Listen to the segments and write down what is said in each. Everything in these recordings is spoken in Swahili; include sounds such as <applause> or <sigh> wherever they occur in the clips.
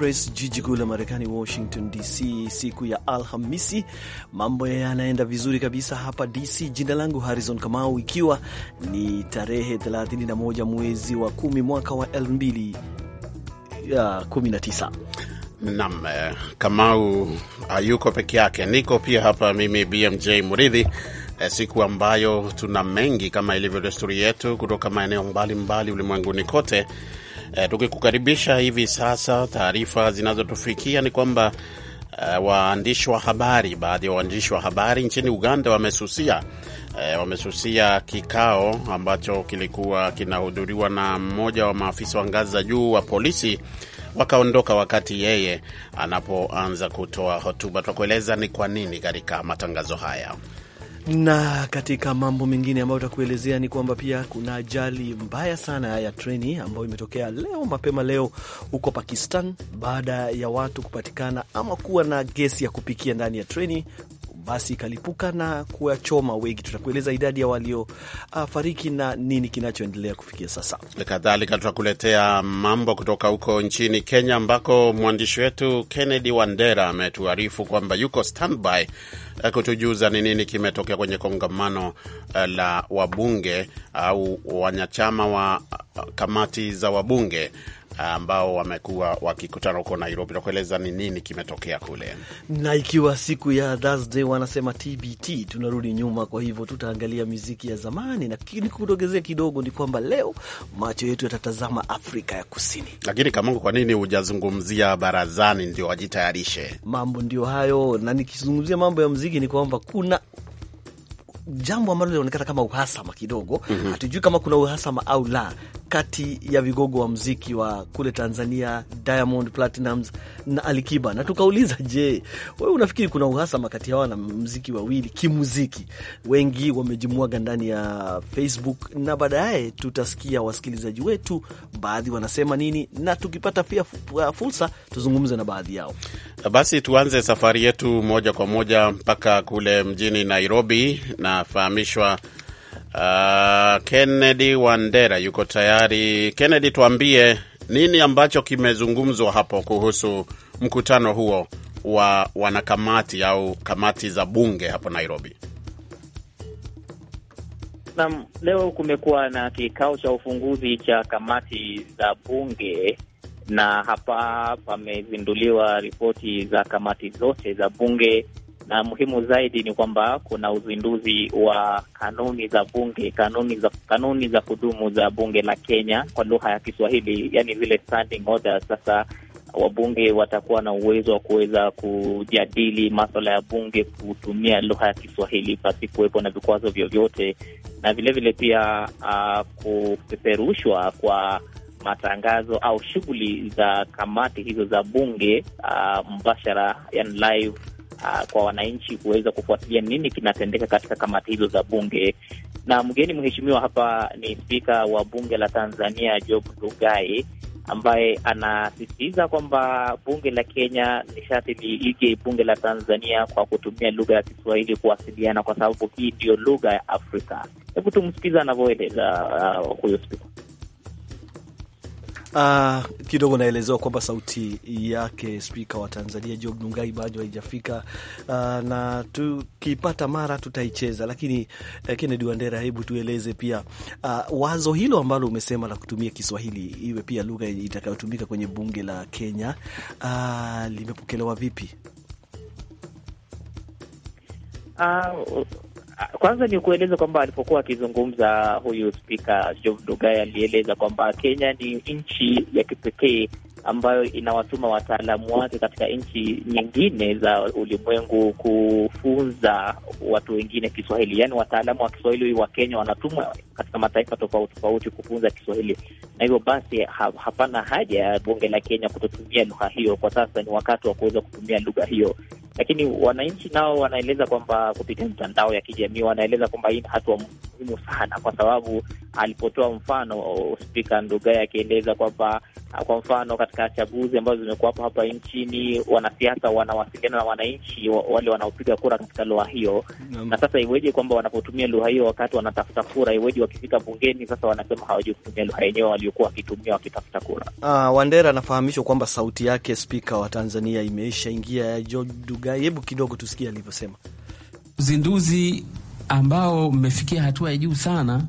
Express, jiji kuu la Marekani, Washington DC, siku ya Alhamisi. Mambo yanaenda vizuri kabisa hapa DC. Jina langu Harrison Kamau, ikiwa ni tarehe 31 mwezi wa 10 mwaka wa 2019. Nam eh, Kamau hayuko ah, peke yake, niko pia hapa mimi BMJ Muridhi, eh, siku ambayo tuna mengi kama ilivyo desturi yetu kutoka maeneo mbalimbali ulimwenguni kote E, tukikukaribisha hivi sasa, taarifa zinazotufikia ni kwamba e, waandishi wa habari, baadhi ya waandishi wa habari nchini Uganda wamesusia e, wamesusia kikao ambacho kilikuwa kinahudhuriwa na mmoja wa maafisa wa ngazi za juu wa polisi wakaondoka wakati yeye anapoanza kutoa hotuba. Tutakueleza ni kwa nini katika matangazo haya. Na katika mambo mengine ambayo utakuelezea ni kwamba pia kuna ajali mbaya sana ya treni ambayo imetokea leo mapema leo huko Pakistan, baada ya watu kupatikana ama kuwa na gesi ya kupikia ndani ya treni basi ikalipuka na kuwachoma wengi. Tutakueleza idadi ya waliofariki ah, na nini kinachoendelea kufikia sasa. Kadhalika tutakuletea mambo kutoka huko nchini Kenya, ambako mwandishi wetu Kennedy Wandera ametuarifu kwamba yuko standby eh, kutujuza ni nini kimetokea kwenye kongamano eh, la wabunge au wanachama wa ah, kamati za wabunge ambao wamekuwa wakikutana huko Nairobi na kueleza ni nini kimetokea kule, na ikiwa siku ya Thursday wanasema TBT, tunarudi nyuma. Kwa hivyo tutaangalia miziki ya zamani, lakini kudogezea kidogo ni kwamba leo macho yetu yatatazama Afrika ya Kusini. Lakini Kamungu, kwa nini hujazungumzia barazani? Ndio wajitayarishe, mambo ndio hayo. Na nikizungumzia mambo ya mziki ni kwamba kuna jambo ambalo linaonekana kama uhasama kidogo, mm -hmm. Hatujui kama kuna uhasama au la, kati ya vigogo wa mziki wa kule Tanzania, Diamond Platinums na Alikiba, na tukauliza, je, wewe unafikiri kuna uhasama kati yao na mziki wawili kimuziki? Wengi wamejimwaga ndani ya Facebook na baadaye tutasikia wasikilizaji wetu baadhi wanasema nini, na tukipata pia fursa tuzungumze na baadhi yao. Basi tuanze safari yetu moja kwa moja mpaka kule mjini Nairobi, nafahamishwa Uh, Kennedy Wandera yuko tayari. Kennedy, tuambie nini ambacho kimezungumzwa hapo kuhusu mkutano huo wa wanakamati au kamati za bunge hapo Nairobi? Naam, leo kumekuwa na kikao cha ufunguzi cha kamati za bunge na hapa pamezinduliwa ripoti za kamati zote za bunge na muhimu zaidi ni kwamba kuna uzinduzi wa kanuni za bunge, kanuni za kanuni za kudumu za bunge la Kenya kwa lugha ya Kiswahili, yani zile standing orders. Sasa wabunge watakuwa na uwezo wa kuweza kujadili maswala ya bunge kutumia lugha ya Kiswahili pasi kuwepo na vikwazo vyovyote, na vilevile vile pia uh, kupeperushwa kwa matangazo au shughuli za kamati hizo za bunge uh, mbashara, yani live Ah, kwa wananchi kuweza kufuatilia nini kinatendeka katika kamati hizo za bunge. Na mgeni mheshimiwa hapa ni spika wa bunge la Tanzania Job Ndugai ambaye anasisitiza kwamba bunge la Kenya ni sharti liige bunge la Tanzania kwa kutumia lugha ya Kiswahili kuwasiliana, kwa sababu hii ndiyo lugha ya Afrika. Hebu tumsikiza anavyoeleza uh, huyo spika. Uh, kidogo naelezewa kwamba sauti yake spika wa Tanzania Job Ndugai bado haijafika, uh, na tukipata mara tutaicheza, lakini uh, Kennedy Wandera, hebu tueleze pia uh, wazo hilo ambalo umesema la kutumia Kiswahili iwe pia lugha itakayotumika kwenye bunge la Kenya uh, limepokelewa vipi? uh, kwanza ni kueleza kwamba alipokuwa akizungumza huyu spika Job Ndugai alieleza kwamba Kenya ni nchi ya kipekee ambayo inawatuma wataalamu wake katika nchi nyingine za ulimwengu kufunza watu wengine Kiswahili. Yaani wataalamu wa Kiswahili wa Kenya wanatumwa katika mataifa tofauti tofauti kufunza Kiswahili, na hivyo basi ha hapana haja ya bunge la Kenya kutotumia lugha hiyo. Kwa sasa ni wakati wa kuweza kutumia lugha hiyo lakini wananchi nao wanaeleza kwamba kupitia mitandao ya kijamii wanaeleza kwamba hii ni hatua muhimu sana, kwa sababu alipotoa mfano Spika Ndugai akieleza kwamba ah, kwa mfano katika chaguzi ambazo zimekuwapo hapa nchini wanasiasa wanawasiliana na wananchi wale wanaopiga kura katika lugha hiyo Na sasa iweje kwamba wanapotumia lugha hiyo wakati wanatafuta kura, iweje wakifika bungeni sasa wanasema hawajui kutumia lugha yenyewe waliokuwa wakitumia wakitafuta kura? Ah, Wandera anafahamishwa kwamba sauti yake spika wa Tanzania imeisha ingia ya George Ndugai. Hebu kidogo tusikie alivyosema. Uzinduzi ambao mmefikia hatua ya juu sana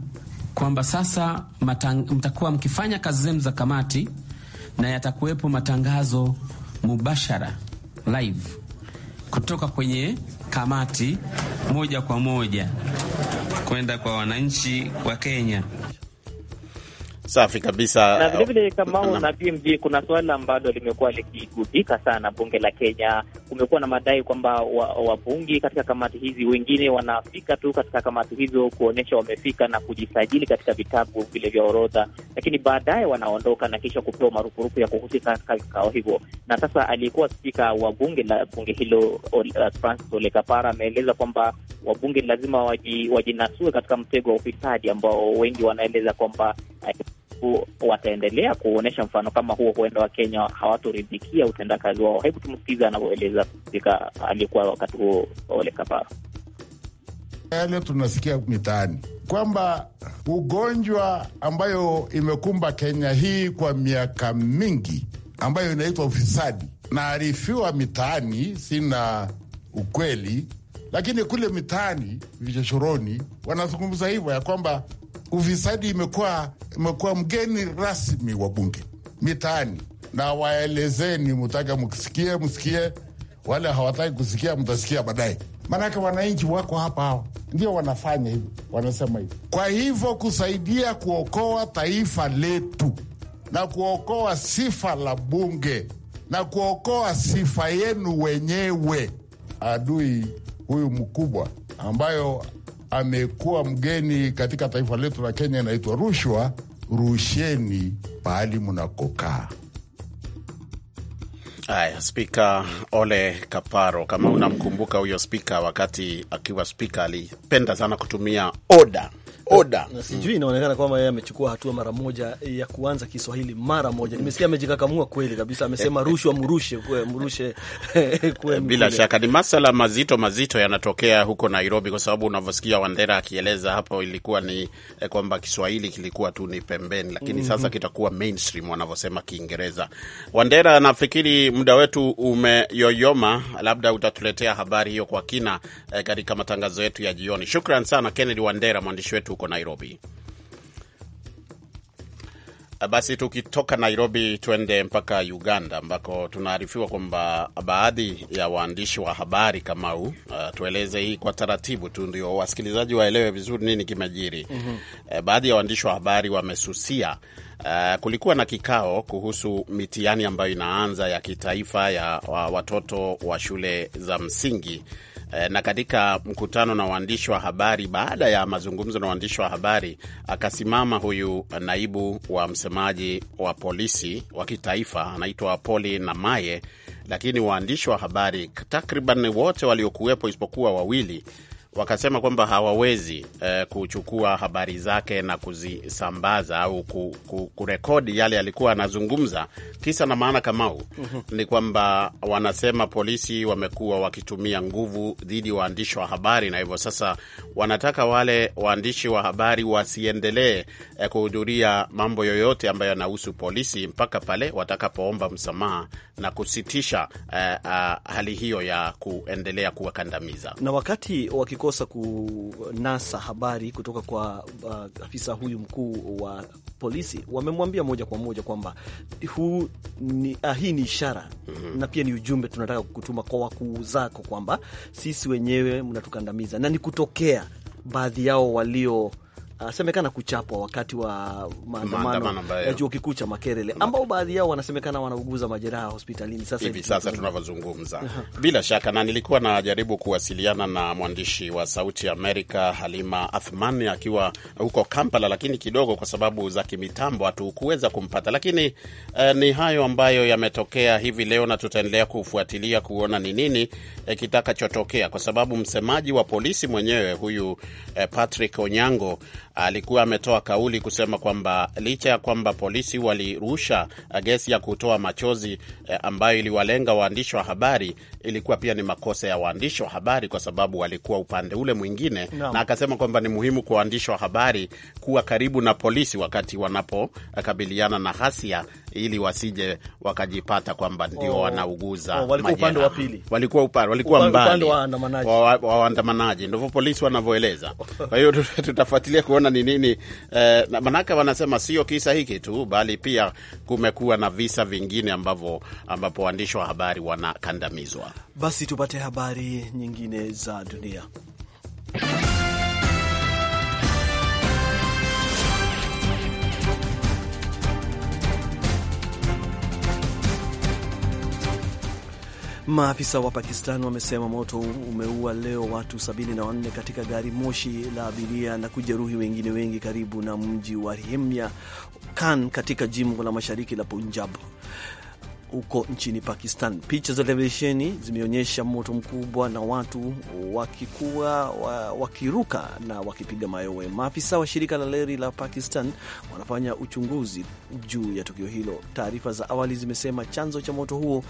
kwamba sasa mtakuwa mkifanya kazi zenu za kamati na yatakuwepo matangazo mubashara live kutoka kwenye kamati moja kwa moja kwenda kwa wananchi wa Kenya. Safi kabisa. Na vilevile Kamau na BMJ, kuna suala ambalo limekuwa likigubika sana bunge la Kenya. Kumekuwa na madai kwamba wabunge wa katika kamati hizi wengine wanafika tu katika kamati hizo kuonyesha wamefika na kujisajili katika vitabu vile vya orodha, lakini baadaye wanaondoka na kisha kupewa marupurupu ya kuhusika katika vikao hivyo. Na sasa aliyekuwa spika wa bunge la bunge hilo uh, Francis Ole Kapara ameeleza kwamba wabunge lazima wajinasue katika mtego wa ufisadi ambao wengi wanaeleza kwamba eh, endapo wataendelea kuonyesha mfano kama huo, huenda Wakenya hawatoridhikia utendakazi wao. Hebu tumsikize anavyoeleza spika aliyekuwa wakati huo Ole Kapara. Yale tunasikia mitaani kwamba ugonjwa ambayo imekumba Kenya hii kwa miaka mingi ambayo inaitwa ufisadi, naarifiwa mitaani, sina ukweli, lakini kule mitaani vichochoroni wanazungumza hivyo ya kwamba ufisadi imekuwa imekuwa mgeni rasmi wa bunge mitaani, na waelezeni, mutaka msikie, msikie. Wale hawataki kusikia, mtasikia baadaye, maanake wananchi wako hapa, hawa ndio wanafanya hivo wanasema hivo Kwa hivyo kusaidia kuokoa taifa letu na kuokoa sifa la bunge na kuokoa sifa yenu wenyewe, adui huyu mkubwa ambayo amekuwa mgeni katika taifa letu la Kenya, inaitwa rushwa. Rusheni pahali mnakokaa. Haya, Spika Ole Kaparo, kama unamkumbuka huyo spika, wakati akiwa spika alipenda sana kutumia oda oda. Na sijui inaonekana kwamba yeye amechukua hatua mara moja ya kuanza Kiswahili mara moja. Nimesikia amejikakamua kweli kabisa, amesema rushwa mrushe kwe, mrushe <laughs> kwe. Bila shaka ni masala mazito mazito yanatokea huko Nairobi, kwa sababu unavyosikia Wandera akieleza hapo, ilikuwa ni eh, kwamba Kiswahili kilikuwa tu ni pembeni, lakini mm -hmm. sasa mhm. kitakuwa mainstream wanavyosema Kiingereza. Wandera, nafikiri muda wetu umeyoyoma, labda utatuletea habari hiyo kwa kina eh, katika matangazo yetu ya jioni. Shukran sana Kennedy Wandera, mwandishi wetu huko Nairobi. Eh, basi tukitoka Nairobi tuende mpaka Uganda ambako tunaarifiwa kwamba baadhi ya waandishi wa habari kama huu uh, eh, tueleze hii kwa taratibu tu ndio wasikilizaji waelewe vizuri nini kimejiri. mm -hmm. Baadhi ya waandishi wa habari wamesusia Uh, kulikuwa na kikao kuhusu mitihani ambayo inaanza ya kitaifa ya watoto wa shule za msingi eh, na katika mkutano na waandishi wa habari, baada ya mazungumzo na waandishi wa habari, akasimama huyu naibu wa msemaji wa polisi wa kitaifa anaitwa Poli Namaye, lakini waandishi wa habari takriban wote waliokuwepo isipokuwa wawili wakasema kwamba hawawezi eh, kuchukua habari zake na kuzisambaza au ku, ku, kurekodi yale yalikuwa anazungumza. Kisa na maana Kamau, mm -hmm. ni kwamba wanasema polisi wamekuwa wakitumia nguvu dhidi ya waandishi wa habari, na hivyo sasa wanataka wale waandishi wa habari wasiendelee eh, kuhudhuria mambo yoyote ambayo yanahusu polisi mpaka pale watakapoomba msamaha na kusitisha eh, ah, hali hiyo ya kuendelea kuwakandamiza na wakati wakiko walikosa kunasa habari kutoka kwa uh, afisa huyu mkuu wa polisi, wamemwambia moja kwa moja kwamba huu ni, ah, hii ni ishara mm -hmm. na pia ni ujumbe tunataka kutuma kwa wakuu zako kwamba sisi wenyewe mnatukandamiza, na ni kutokea baadhi yao walio asemekana kuchapwa wakati wa maandamano ya chuo kikuu cha Makerele, ambao baadhi yao wanasemekana wanauguza majeraha hospitalini sasa hivi sasa tunavyozungumza. Bila shaka, na nilikuwa najaribu kuwasiliana na mwandishi wa Sauti ya Amerika Halima Athmani akiwa huko Kampala, lakini kidogo kwa sababu za kimitambo hatukuweza kumpata. Lakini eh, ni hayo ambayo yametokea hivi leo na tutaendelea kufuatilia kuona ni nini eh, kitakachotokea kwa sababu msemaji wa polisi mwenyewe huyu eh, Patrick Onyango alikuwa ametoa kauli kusema kwamba licha ya kwamba polisi walirusha uh, gesi ya kutoa machozi uh, ambayo iliwalenga waandishi wa habari, ilikuwa pia ni makosa ya waandishi wa habari kwa sababu walikuwa upande ule mwingine no. Na akasema kwamba ni muhimu kwa waandishi wa habari kuwa karibu na polisi wakati wanapokabiliana na ghasia ili wasije wakajipata kwamba ndio oh, wanauguza oh, walikuwa upande wa pili, walikuwa upande, walikuwa mbali wa waandamanaji, ndivyo polisi wanavyoeleza. Kwa hiyo tutafuatilia kuona ni nini eh, manake wanasema sio kisa hiki tu, bali pia kumekuwa na visa vingine ambavyo ambapo waandishi wa habari wanakandamizwa. Basi tupate habari nyingine za dunia. Maafisa wa Pakistan wamesema moto umeua leo watu 74 katika gari moshi la abiria na kujeruhi wengine wengi karibu na mji wa rhemya Kan katika jimbo la mashariki la Punjab huko nchini Pakistan. Picha za televisheni zimeonyesha moto mkubwa na watu wakikuwa wa, wakiruka na wakipiga mayowe. Maafisa wa shirika la reli la Pakistan wanafanya uchunguzi juu ya tukio hilo. Taarifa za awali zimesema chanzo cha moto huo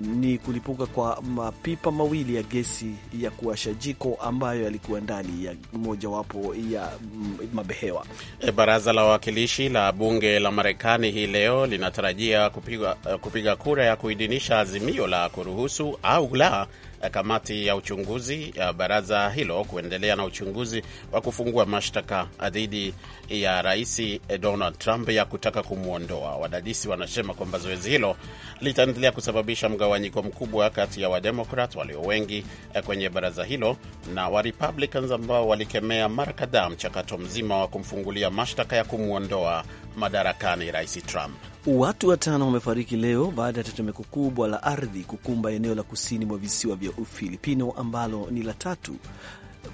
ni kulipuka kwa mapipa mawili ya gesi ya kuwasha jiko ambayo yalikuwa ndani ya mojawapo ya mm, mabehewa. E, baraza la Wawakilishi la Bunge la Marekani hii leo linatarajia kupiga, kupiga kura ya kuidhinisha azimio la kuruhusu au la eh, kamati ya uchunguzi ya baraza hilo kuendelea na uchunguzi wa kufungua mashtaka eh, dhidi ya rais eh, Donald Trump ya kutaka kumwondoa. Wadadisi wanasema kwamba zoezi hilo litaendelea kusababisha mgawanyiko mkubwa kati ya Wademokrat walio wengi kwenye baraza hilo na Warepublicans ambao walikemea mara kadhaa mchakato mzima wa kumfungulia mashtaka ya kumwondoa madarakani rais Trump. Watu watano wamefariki leo baada ya tetemeko kubwa la ardhi kukumba eneo la kusini mwa visiwa vya Ufilipino ambalo ni la tatu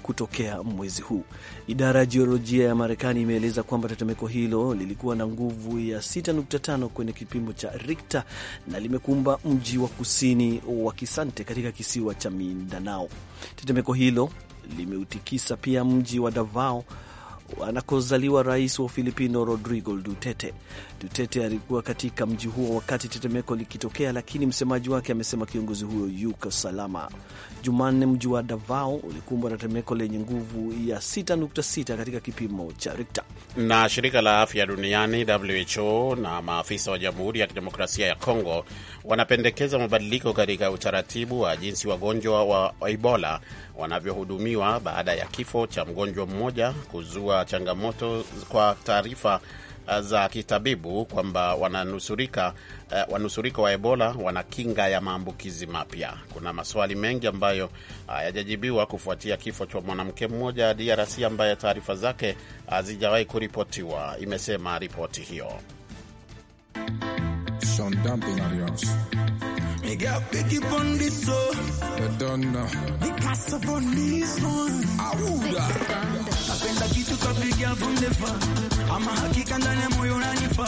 kutokea mwezi huu. Idara ya jiolojia ya Marekani imeeleza kwamba tetemeko hilo lilikuwa na nguvu ya 6.5 kwenye kipimo cha Richter na limekumba mji wa kusini wa Kisante katika kisiwa cha Mindanao. Tetemeko hilo limeutikisa pia mji wa Davao anakozaliwa rais wa Filipino Rodrigo Duterte. Duterte alikuwa katika mji huo wakati tetemeko likitokea, lakini msemaji wake amesema kiongozi huyo yuko salama. Jumanne, mji wa Davao ulikumbwa na tetemeko lenye nguvu ya 6.6 katika kipimo cha Richter. Na shirika la afya duniani WHO na maafisa wa Jamhuri ya Kidemokrasia ya Kongo wanapendekeza mabadiliko katika utaratibu wa jinsi wagonjwa wa Ebola wanavyohudumiwa baada ya kifo cha mgonjwa mmoja kuzua changamoto kwa taarifa uh, za kitabibu kwamba wananusurika uh, wanusurika wa Ebola wana kinga ya maambukizi mapya. Kuna maswali mengi ambayo hayajajibiwa uh, kufuatia kifo cha mwanamke mmoja DRC ambaye taarifa zake hazijawahi uh, kuripotiwa, imesema ripoti hiyo. Me got picky on this soul. Oh. Madonna. Picasso on this one. Auda. Napenda kitu kapiga from the far. Ama hakika ndani ya moyo unanifa.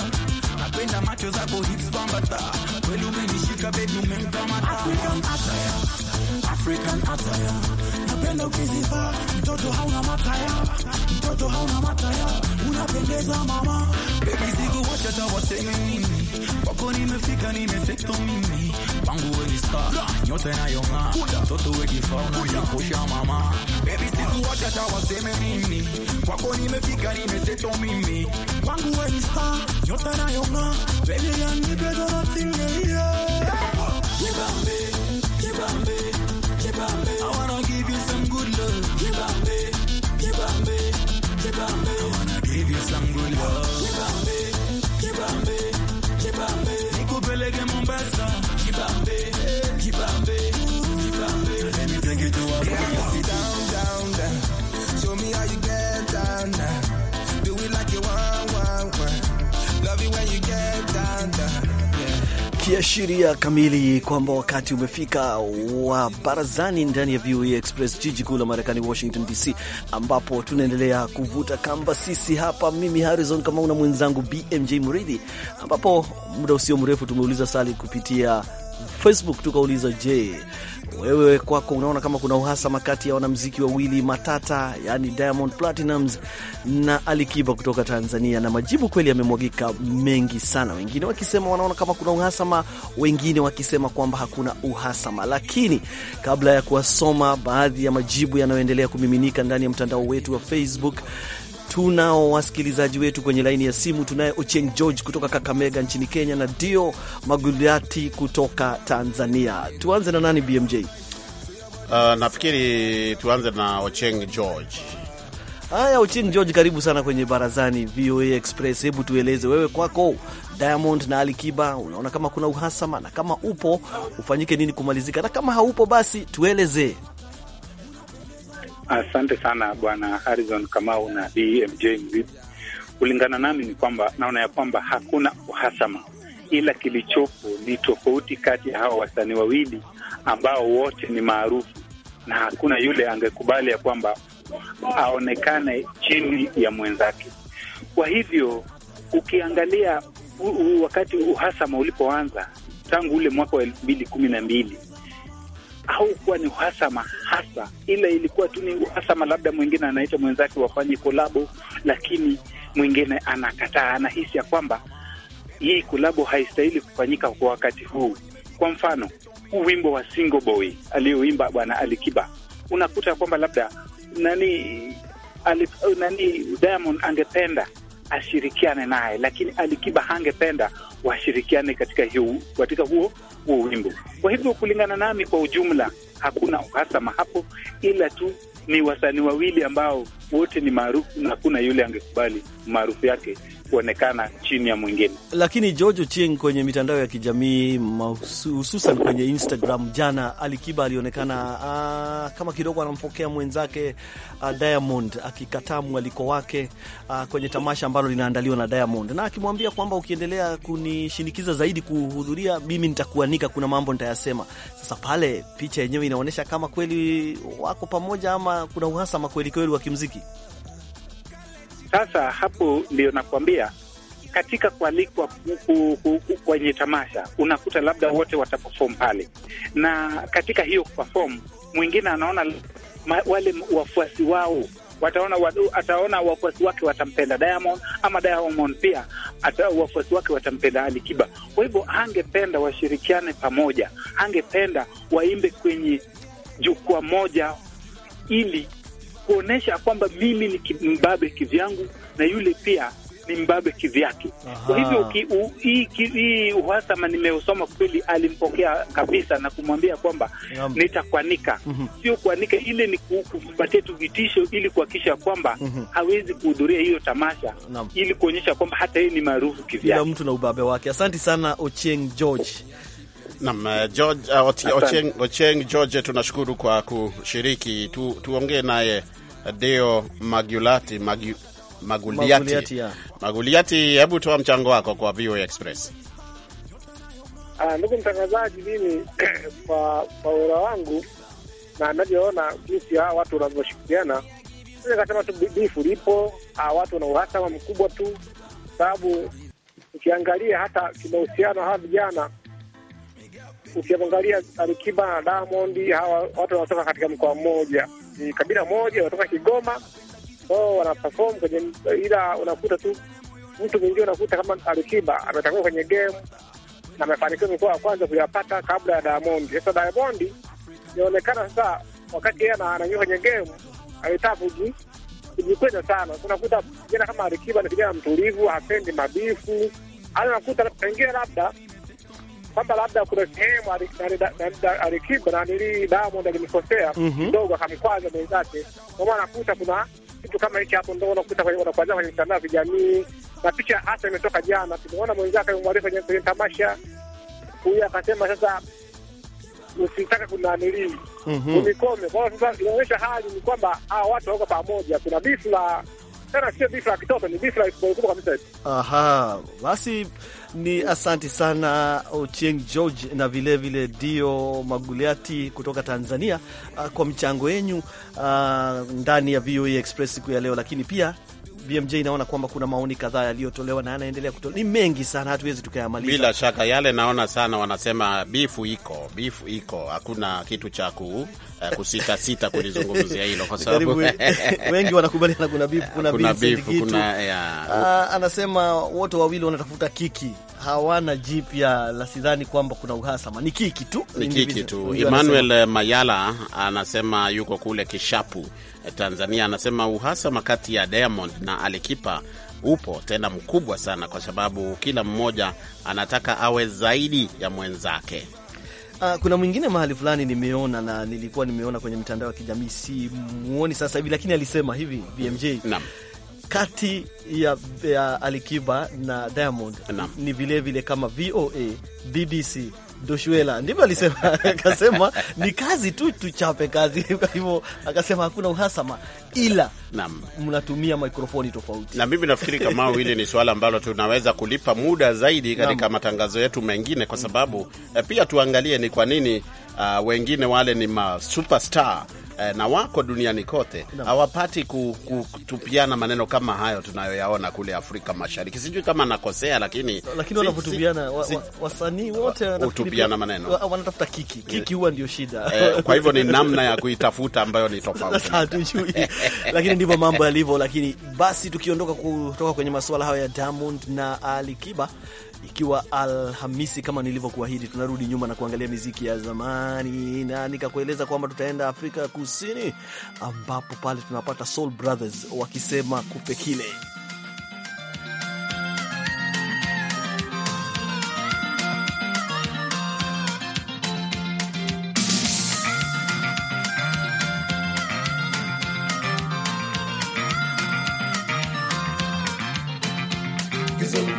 Napenda macho zako hips pambata. Kweli umenishika baby umenikamata. African attire. African attire. Napenda ukizivaa mtoto hauna mataya. Mtoto hauna mataya. Unapendeza mama. Baby siku wacha tawasemi. kwako nimefika, nimefika mimi, pangu we ni star, nyote nayong'aa, mtoto we kifauna, nikusha mama baby, sikuwacha tawaseme mimi, kwako nimefika, nimefika mimi, pangu we ni star, nyote nayong'aa, baby, yanipe Dorothy, yeah, jibambe, jibambe, jibambe, I wanna give you some good love, jibambe, jibambe, jibambe, I wanna give you some good ikiashiria kamili kwamba wakati umefika wa barazani ndani ya VOA e Express, jiji kuu la Marekani, Washington DC, ambapo tunaendelea kuvuta kamba sisi hapa, mimi Harrison Kamau na mwenzangu BMJ mridhi ambapo muda usio mrefu tumeuliza swali kupitia Facebook tukauliza, je, wewe kwako unaona kama kuna uhasama kati ya wanamziki wawili matata, yani Diamond Platinums na Alikiba kutoka Tanzania, na majibu kweli yamemwagika mengi sana, wengine wakisema wanaona kama kuna uhasama, wengine wakisema kwamba hakuna uhasama. Lakini kabla ya kuwasoma baadhi ya majibu yanayoendelea kumiminika ndani ya mtandao wetu wa Facebook Tunao wasikilizaji wetu kwenye laini ya simu. Tunaye ocheng George kutoka Kakamega nchini Kenya na ndio Magulati kutoka Tanzania. Tuanze na nani, BMJ? Uh, nafikiri tuanze na Ocheng George. Haya, ocheng George, karibu sana kwenye barazani VOA Express. Hebu tueleze wewe, kwako Diamond na Alikiba, unaona kama kuna uhasama, na kama upo ufanyike nini kumalizika, na kama haupo basi tueleze Asante sana bwana Harrison Kamau na BMJ Mzizi. Kulingana nami ni kwamba naona ya kwamba hakuna uhasama, ila kilichopo ni tofauti kati ya hawa wasanii wawili ambao wote ni maarufu, na hakuna yule angekubali ya kwamba aonekane chini ya mwenzake. Kwa hivyo ukiangalia u, u, wakati uhasama ulipoanza tangu ule mwaka wa elfu mbili kumi na mbili haukuwa ni uhasama hasa, ila ilikuwa tu ni uhasama, labda mwingine anaita mwenzake wafanye kolabo, lakini mwingine anakataa, anahisi ya kwamba hii kolabo haistahili kufanyika kwa wakati huu. Kwa mfano huu wimbo wa Single Boy aliyoimba bwana Alikiba, unakuta kwamba labda nani, alif, nani Diamond angependa ashirikiane naye, lakini Alikiba hangependa washirikiane katika hiu, katika huo huo wimbo. Kwa hivyo kulingana nami, kwa ujumla hakuna uhasama hapo, ila tu ni wasanii wawili ambao wote ni maarufu na hakuna yule angekubali maarufu yake kuonekana chini ya mwingine. Lakini George Ochieng kwenye mitandao ya kijamii hususan kwenye Instagram, jana Alikiba alionekana aa, ah, kama kidogo anampokea mwenzake aa, ah, Diamond akikataa mwaliko wake aa, ah, kwenye tamasha ambalo linaandaliwa na Diamond na akimwambia kwamba ukiendelea kunishinikiza zaidi kuhudhuria mimi nitakuanika, kuna mambo nitayasema. Sasa pale picha yenyewe inaonyesha kama kweli wako pamoja ama kuna uhasama kweli kweli wa kimziki. Sasa hapo ndio nakwambia katika kualikwa kwenye tamasha unakuta labda wote wataperform pale, na katika hiyo perform mwingine anaona ma, wale wafuasi wao wataona ataona wafuasi wake watampenda Diamond ama Diamond pia ata wafuasi wake watampenda Ali Kiba. Kwa hivyo angependa washirikiane pamoja, angependa waimbe kwenye jukwaa moja ili kuonesha kwamba mimi ni mbabe kivyangu na yule pia ni mbabe kivyake. Kwa hivyo hii uhasama nimeusoma kweli, alimpokea kabisa na kumwambia kwamba nitakwanika. mm -hmm. Sio kuanika ile ni kupatia tu vitisho ili kuhakikisha kwamba mm -hmm. hawezi kuhudhuria hiyo tamasha Naam. ili kuonyesha kwamba hata yeye ni maarufu kivyake, mtu na ubabe wake. Asante sana Ochieng George. Nam eh, George, uh, eh, Ochieng George, tunashukuru kwa kushiriki tu, tuongee naye Deo Magulati, Magu, Maguliati, Maguliati, Maguliati, hebu toa mchango wako kwa VOA Express. Ah, ndugu mtangazaji, mimi <clears throat> kwa paura wangu na anavyoona jinsi hawa watu wanavyoshirikiana, kasema tu bifu lipo, watu wana uhasama mkubwa tu, sababu ukiangalia hata kimahusiano hawa vijana, ukiangalia Alikiba na Diamond, hawa watu wanatoka katika mkoa mmoja ni kabila moja, wanatoka Kigoma wao wanaperform kwenye, ila unakuta tu mtu mwingine unakuta kama Alikiba ametangua kwenye game na amefanikiwa mikoa ya kwanza kuyapata kabla ya Diamond. Sasa Diamond inaonekana sasa, wakati yeye anaingia kwenye game alitaka kujikweza sana. Unakuta kijana kama Alikiba ni kijana mtulivu, hapendi mabifu, hata unakuta pengine labda kwamba labda kuna sehemu Alikiba na nili Diamond alimkosea mhm. kidogo, akamkwaza mwenzake, kwa maana anakuta kuna kitu kama hichi hapo, ndo unakuta wanakwaza kwenye mitandao ya kijamii, na picha hasa imetoka jana, tumeona mwenzake amemwarifu kwenye tamasha. Huyu akasema sasa usitaka kunanilii mhm. unikome. Kwa hiyo sasa inaonyesha hali ni kwamba hawa watu wako pamoja, kuna bifu la tena, sio bifu la kitoto, ni bifu la kubwa kabisa. Aha, basi ni asante sana Ochieng George na vilevile vile Dio Maguliati kutoka Tanzania uh, kwa mchango wenyu uh, ndani ya VOA e Express siku ya leo, lakini pia BMJ, naona kwamba kuna maoni kadhaa yaliyotolewa na yanaendelea kutolewa, ni mengi sana, hatuwezi tukayamaliza. Bila shaka yale naona sana wanasema bifu iko, bifu iko, hakuna kitu cha ku eh, kusita sita kulizungumzia hilo kwa sababu <laughs> wengi wanakubaliana kuna bifu, kuna bifu, kuna, kuna, kuna, yeah. Ah, anasema wote wawili wanatafuta kiki hawana jipya la, sidhani kwamba kuna uhasama, ni kiki tu, ni kiki tu. Emmanuel eh, Mayala anasema yuko kule Kishapu, eh, Tanzania, anasema uhasama kati ya Diamond na Alikipa upo tena mkubwa sana, kwa sababu kila mmoja anataka awe zaidi ya mwenzake. Uh, kuna mwingine mahali fulani nimeona na nilikuwa nimeona kwenye mtandao ya kijamii, si muoni sasa hivi, lakini alisema hivi BMJ Naam kati ya, ya Alikiba na Diamond na ni vilevile vile kama VOA, BBC Doshuela ndivyo alisema. <laughs> Akasema ni kazi tu, tuchape kazi <laughs> kwa hivyo. Akasema hakuna uhasama, ila mnatumia mikrofoni tofauti. Na mimi nafikiri kama hili ni suala ambalo tunaweza kulipa muda zaidi katika Nam. matangazo yetu mengine, kwa sababu eh, pia tuangalie ni kwa nini uh, wengine wale ni ma superstar eh, na wako duniani kote hawapati kutupiana maneno kama hayo tunayoyaona kule Afrika Mashariki. Sijui kama nakosea, lakini lakini wanapotupiana wasanii wote wanatupiana maneno wanatafuta kiki, eh. kiki huwa ndio shida eh, kwa hivyo ni <laughs> namna ya kuitafuta ambayo ni tofauti <laughs> lakini ndivyo mambo yalivyo. Lakini basi tukiondoka kutoka kwenye masuala hayo ya Diamond na Ali Kiba ikiwa Alhamisi kama nilivyokuahidi, tunarudi nyuma na kuangalia miziki ya zamani, na nikakueleza kwamba tutaenda Afrika Kusini, ambapo pale tunapata Soul Brothers wakisema kupe kile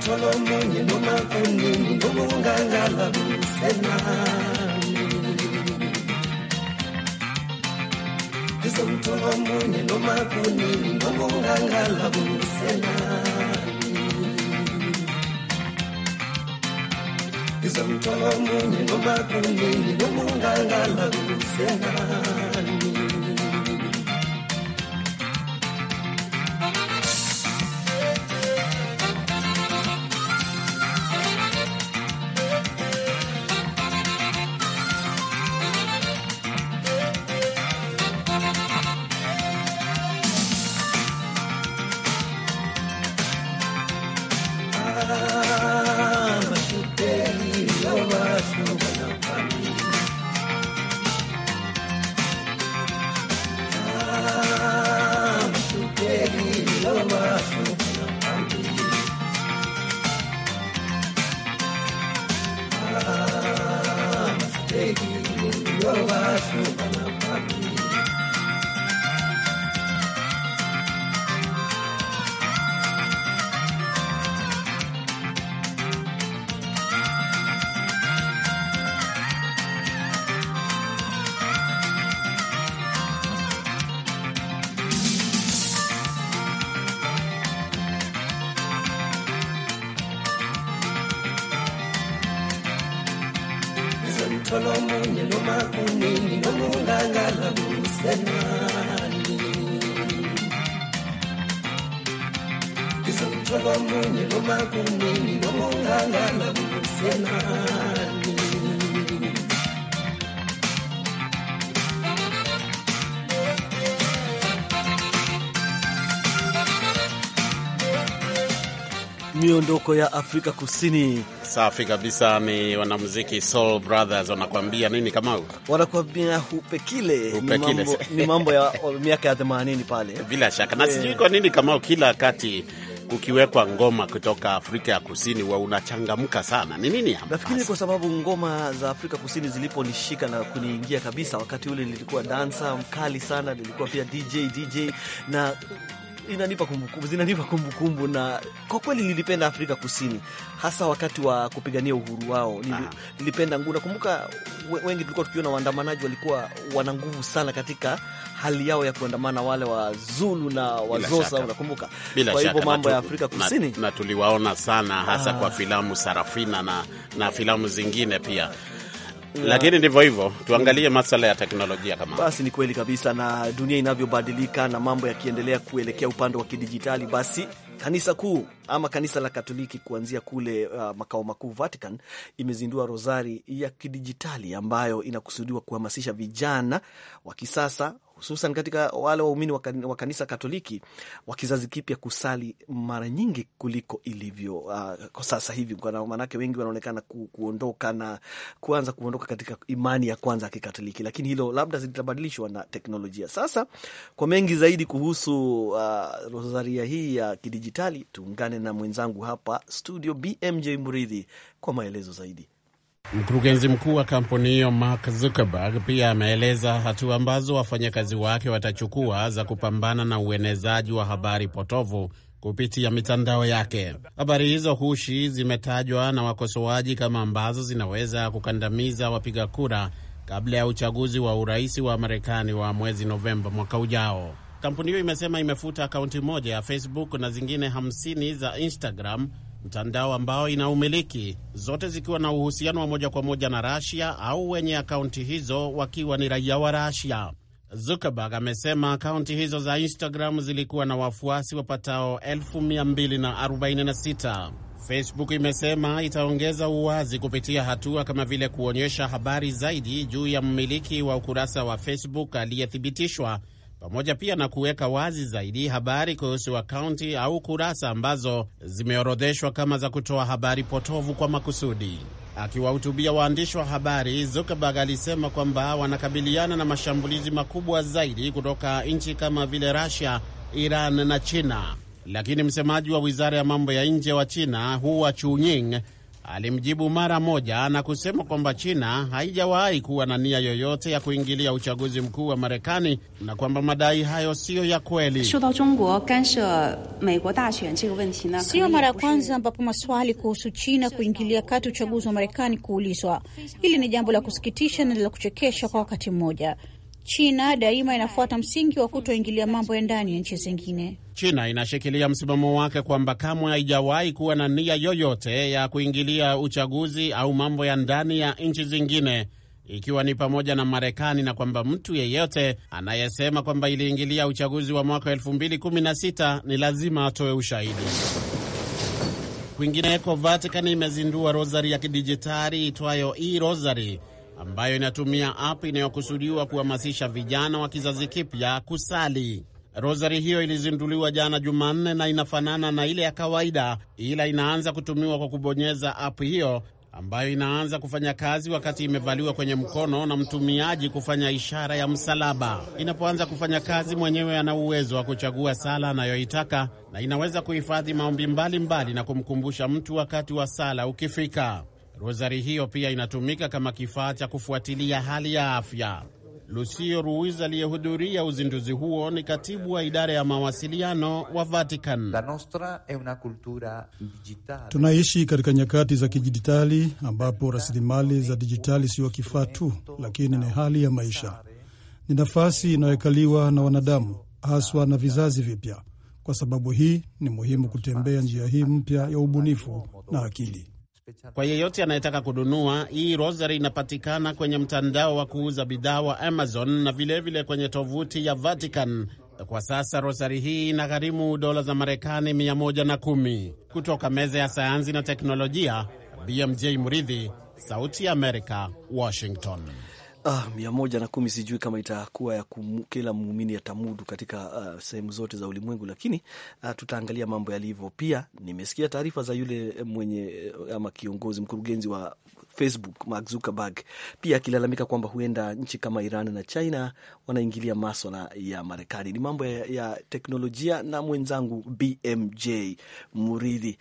ngithola omunye noma kunini noma ungangalabuselani ngizomthola omunye noma kunini noma ungangalabuselani ngizomthola omunye noma kunini noma ungangalabuselani miondoko ya Afrika Kusini. Safi kabisa, ni wanamuziki Soul Brothers wanakuambia nini? Kama wanakuambia hupe kile, hupe ni, Mambo, ni mambo ya <laughs> miaka ya 80 pale, bila shaka na yeah. Sijui kwa nini Kamau kila wakati kukiwekwa ngoma kutoka Afrika ya Kusini wa unachangamka sana. Ni nini hapa? Nafikiri kwa sababu ngoma za Afrika Kusini ziliponishika na kuniingia kabisa, wakati ule nilikuwa dansa mkali sana, nilikuwa pia DJ DJ na inanipa kumbukumbu, zinanipa kumbukumbu, na kwa kweli nilipenda Afrika Kusini, hasa wakati wa kupigania uhuru wao. Nili, nilipenda nguvu. Nakumbuka wengi tulikuwa tukiona waandamanaji walikuwa wana nguvu sana katika hali yao ya kuandamana, wale wa Zulu na Wazosa, unakumbuka. Kwa hivyo mambo ya Afrika Kusini na, na tuliwaona sana hasa ah, kwa filamu Sarafina na, na filamu zingine pia Mm. lakini ndivyo hivyo, tuangalie masala ya teknolojia. Kama basi ni kweli kabisa, na dunia inavyobadilika na mambo yakiendelea kuelekea upande wa kidijitali, basi kanisa kuu ama kanisa la Katoliki kuanzia kule uh, makao makuu Vatican imezindua rozari ya kidijitali ambayo inakusudiwa kuhamasisha vijana wa kisasa hususan katika wale waumini wa kanisa Katoliki wa kizazi kipya kusali mara nyingi kuliko ilivyo uh, kwa sasa hivi, kwa maanake wengi wanaonekana ku, kuondoka na kuanza kuondoka katika imani ya kwanza ya Kikatoliki, lakini hilo labda zitabadilishwa na teknolojia. Sasa kwa mengi zaidi kuhusu uh, rosaria hii ya kidijitali, tuungane na mwenzangu hapa studio BMJ mridhi kwa maelezo zaidi. Mkurugenzi mkuu wa kampuni hiyo Mark Zuckerberg pia ameeleza hatua ambazo wafanyakazi wake watachukua za kupambana na uenezaji wa habari potovu kupitia mitandao yake. Habari hizo hushi zimetajwa na wakosoaji kama ambazo zinaweza kukandamiza wapiga kura kabla ya uchaguzi wa urais wa Marekani wa mwezi Novemba mwaka ujao. Kampuni hiyo imesema imefuta akaunti moja ya Facebook na zingine 50 za Instagram mtandao ambao inaumiliki, zote zikiwa na uhusiano wa moja kwa moja na Rasia au wenye akaunti hizo wakiwa ni raia wa Rasia. Zuckerberg amesema akaunti hizo za Instagram zilikuwa na wafuasi wapatao 1246. Facebook imesema itaongeza uwazi kupitia hatua kama vile kuonyesha habari zaidi juu ya mmiliki wa ukurasa wa Facebook aliyethibitishwa pamoja pia na kuweka wazi zaidi habari kuhusu akaunti au kurasa ambazo zimeorodheshwa kama za kutoa habari potovu kwa makusudi. Akiwahutubia waandishi wa habari, Zuckerberg alisema kwamba wanakabiliana na mashambulizi makubwa zaidi kutoka nchi kama vile Russia, Iran na China, lakini msemaji wa wizara ya mambo ya nje wa China Hua Chunying alimjibu mara moja na kusema kwamba China haijawahi kuwa na nia yoyote ya kuingilia uchaguzi mkuu wa Marekani na kwamba madai hayo siyo ya kweli. Siyo mara ya kwanza ambapo maswali kuhusu China kuingilia kati uchaguzi wa Marekani kuulizwa. Hili ni jambo la kusikitisha na la kuchekesha kwa wakati mmoja. China daima inafuata msingi wa kutoingilia mambo ya ndani ya nchi zingine. China inashikilia msimamo wake kwamba kamwe haijawahi kuwa na nia yoyote ya kuingilia uchaguzi au mambo ya ndani ya nchi zingine ikiwa ni pamoja na Marekani na kwamba mtu yeyote anayesema kwamba iliingilia uchaguzi wa mwaka 2016 ni lazima atoe ushahidi. Kwingineko, Vatican imezindua rosari ya kidijitali itwayo e rosari ambayo inatumia app inayokusudiwa kuhamasisha vijana wa kizazi kipya kusali. Rosari hiyo ilizinduliwa jana Jumanne na inafanana na ile ya kawaida, ila inaanza kutumiwa kwa kubonyeza app hiyo ambayo inaanza kufanya kazi wakati imevaliwa kwenye mkono na mtumiaji kufanya ishara ya msalaba. Inapoanza kufanya kazi, mwenyewe ana uwezo wa kuchagua sala anayoitaka na inaweza kuhifadhi maombi mbalimbali na kumkumbusha mtu wakati wa sala ukifika. Rozari hiyo pia inatumika kama kifaa cha kufuatilia hali ya afya. Lucio Ruiz aliyehudhuria uzinduzi huo ni katibu wa idara ya mawasiliano wa Vatican. Tunaishi katika nyakati za kidijitali ambapo rasilimali za dijitali siyo kifaa tu, lakini ni hali ya maisha. Ni nafasi inayokaliwa na wanadamu, haswa na vizazi vipya. Kwa sababu hii, ni muhimu kutembea njia hii mpya ya ubunifu na akili. Kwa yeyote anayetaka kununua, hii rosary inapatikana kwenye mtandao wa kuuza bidhaa wa Amazon na vilevile vile kwenye tovuti ya Vatican. Kwa sasa rosari hii inagharimu dola za Marekani 110. Kutoka meza ya sayansi na teknolojia, BMJ Muridhi, Sauti ya Amerika, Washington. Ah, mia moja na kumi sijui kama itakuwa ya kumu, kila muumini atamudu katika uh, sehemu zote za ulimwengu, lakini uh, tutaangalia mambo yalivyo. Pia nimesikia taarifa za yule mwenye ama kiongozi mkurugenzi wa Facebook Mark Zuckerberg pia akilalamika kwamba huenda nchi kama Iran na China wanaingilia maswala ya Marekani. Ni mambo ya, ya teknolojia na mwenzangu BMJ Muridhi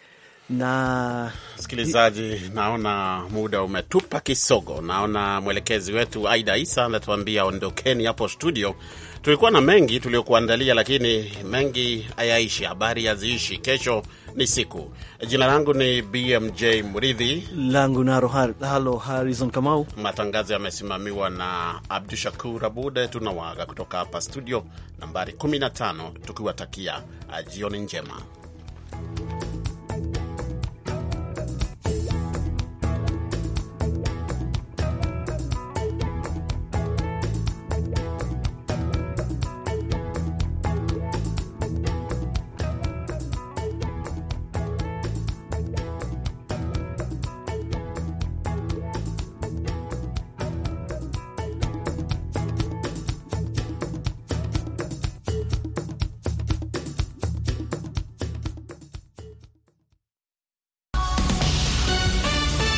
na msikilizaji, naona muda umetupa kisogo. Naona mwelekezi wetu Aida Isa anatuambia ondokeni hapo studio. Tulikuwa na mengi tuliokuandalia, lakini mengi hayaishi, habari haziishi. Kesho ni siku. Jina langu ni BMJ Mridhi, langu naro halo Harizon Kamau. Matangazo yamesimamiwa na Abdu Shakur Abude. Tunawaaga kutoka hapa studio nambari 15 tukiwatakia jioni njema.